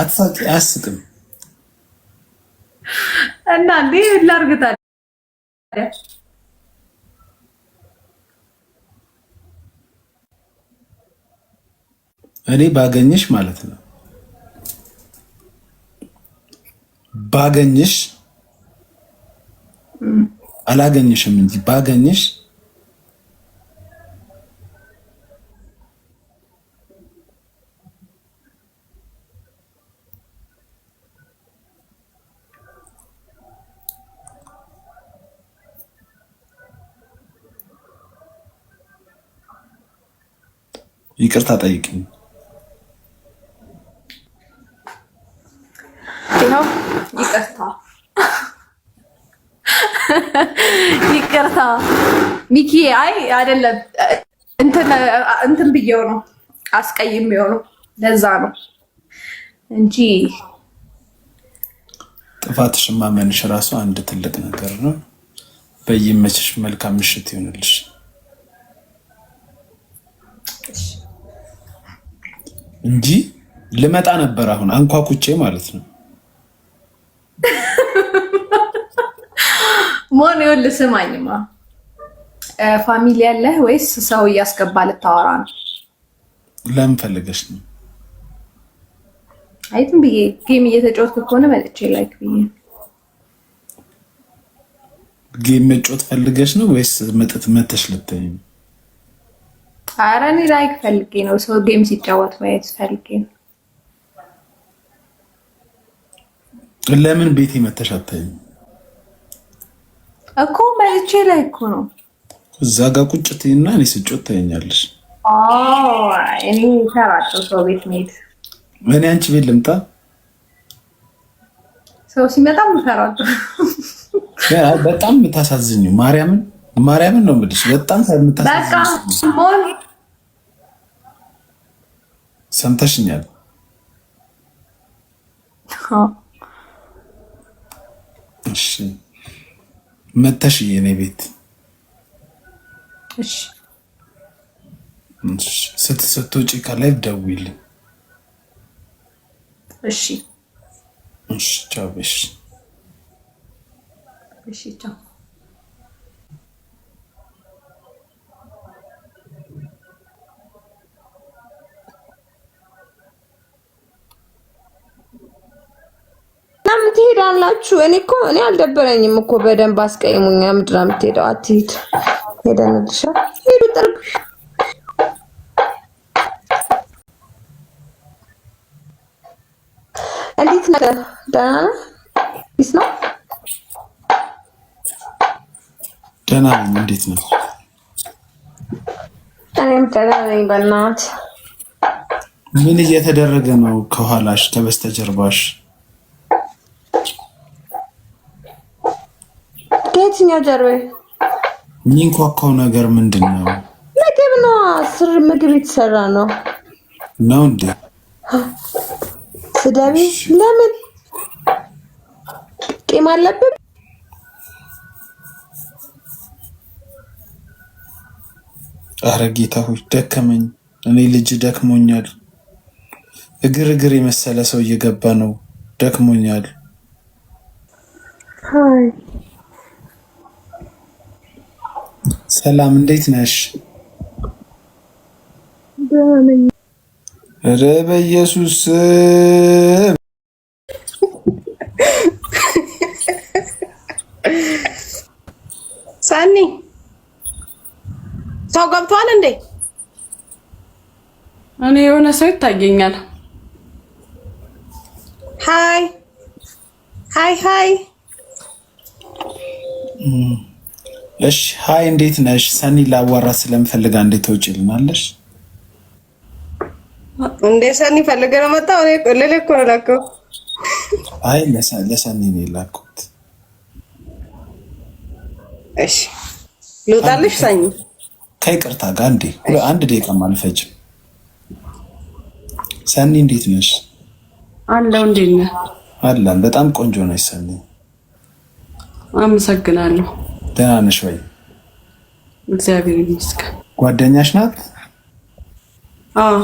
አትሳቂ፣ አያስቅም። እና እንዴ ላድርግ እኔ ባገኝሽ ማለት ነው ባገኝሽ አላገኝሽም እንጂ ባገኝሽ ይቅርታ ጠይቅኝ። ይቅርታ ይቅርታ ሚኪ፣ አይ አይደለም እንትን ብየው ነው አስቀይም የሆነው ለዛ ነው እንጂ ጥፋት ማመንሽ ራሱ አንድ ትልቅ ነገር ነው። በይመችሽ። መልካም ምሽት ይሆንልሽ። እንጂ ልመጣ ነበር። አሁን አንኳኩቼ ማለት ነው። ሞን ይኸውልህ፣ ስማኝማ ፋሚሊ ያለህ ወይስ ሰው እያስገባ ልታወራ ነው? ለምን ፈልገሽ ነው? አይትም ብዬ ጌም እየተጫወትክ ከሆነ መጥቼ ላይክ ብዬ ጌም መጫወት ፈልገሽ ነው ወይስ መጥት መተሽ ልታይ ነው? ኧረ እኔ ላይክ ፈልጌ ነው ሰው ጌም ሲጫወት ማየት ፈልጌ ነው። ለምን ቤት መተሽ አታይም እኮ? መጥቼ ላይ እኮ ነው እዛ ጋር ቁጭት እና እኔ ስጮት ታየኛለሽ። እኔ ሰራቸው ሰው ቤት መሄድ እኔ አንቺ ቤት ልምጣ ሰው ሲመጣ ምፈራቸው በጣም የምታሳዝኝ ማርያምን ማርያምን ነው የምልሽ። በጣም ሳምንታ ሰምተሽኛል? እሺ መተሽ የኔ ቤት ስትወጪ ከላይ ደውይልኝ። እሺ እሺ፣ ቻው። እሺ እሺ፣ ቻው። ትሄዳላችሁ። እኔ እኮ እኔ አልደበረኝም እኮ በደንብ አስቀይሙኛ። ምድራ የምትሄደው አትሂድ፣ ሄደንልሻ ሄዱ ጥርግ እንዴት ነገር ደህና ነህ? ቢስ ነው ደህና ነኝ። እንዴት ነው? እኔም ደህና ነኝ። በእናትህ ምን እየተደረገ ነው? ከኋላሽ ከበስተጀርባሽ ከየትኛው ጀርባ የሚንኳኳው ነገር ምንድን ነው? ምግብ ነው። ስር ምግብ የተሰራ ነው ነው እንዴ? ስደቢ። ለምን ቂም አለብን? አረ ጌታ ሆይ ደከመኝ። እኔ ልጅ ደክሞኛል። እግር እግር የመሰለ ሰው እየገባ ነው። ደክሞኛል። ሰላም እንዴት ነሽ? ኧረ በኢየሱስ ሰኒ ሰው ገብቷል እንዴ? እኔ የሆነ ሰው ይታየኛል። ሀይ ሀይ ሀይ እሺ ሀይ፣ እንዴት ነሽ? ሰኒ ላዋራ ስለምፈልግ አንዴ ተውጭልናለሽ። እንዴ ሰኒ ፈልገ ነው መጣ ልል እኮ ነው ላከው። አይ ለሰኒ ነው የላኩት። እሺ ልውጣልሽ ሰኒ፣ ከይቅርታ ጋር እንዴ አንድ ደቂቃም አልፈጅም። ሰኒ እንዴት ነሽ? አለው እንዴት ነህ? አላን በጣም ቆንጆ ነሽ ሰኒ፣ አመሰግናለሁ። ደህና ነሽ ወይ? እግዚአብሔር ይመስገን። ጓደኛሽ ናት? አዎ